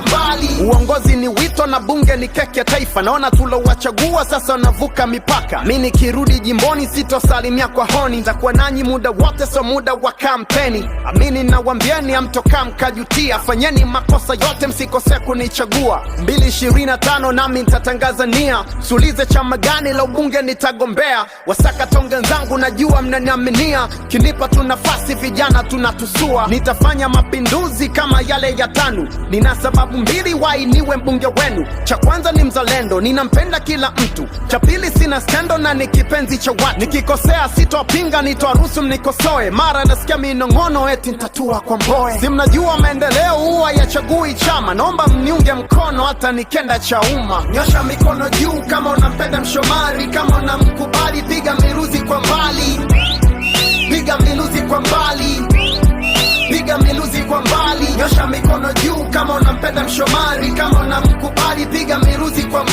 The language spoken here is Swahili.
Bali. Uongozi ni wito na bunge ni keki ya taifa. Naona tulowachagua sasa wanavuka mipaka. Mi nikirudi jimboni sitosalimia kwa honi, nitakuwa nanyi muda wote, so muda wa kampeni. Amini nawambieni, amtokaa mkajutia. Fanyeni makosa yote, msikosea kunichagua. 2025 nami nitatangaza nia. Sulize chama gani la ubunge nitagombea. Wasaka tonge zangu, najua mnaniaminia. Kinipa tu nafasi, vijana tunatusua. Nitafanya mapinduzi kama yale ya TANU. ninasaba sababu mbili wai niwe mbunge wenu. Cha kwanza ni mzalendo, ninampenda kila mtu. Cha pili sina stendo na ni kipenzi cha watu. Nikikosea sitopinga, nitoarusu mnikosoe. Mara nasikia minong'ono eti ntatua kwa mboe. Si mnajua maendeleo huwa yachagui chama. Naomba mniunge mkono hata nikenda cha umma. Nyosha mikono juu kama unampenda mshomari, kama unamkubali piga miruzi kwa nyosha mikono juu kama unampenda mshomari, kama unamkubali piga miruzi kwa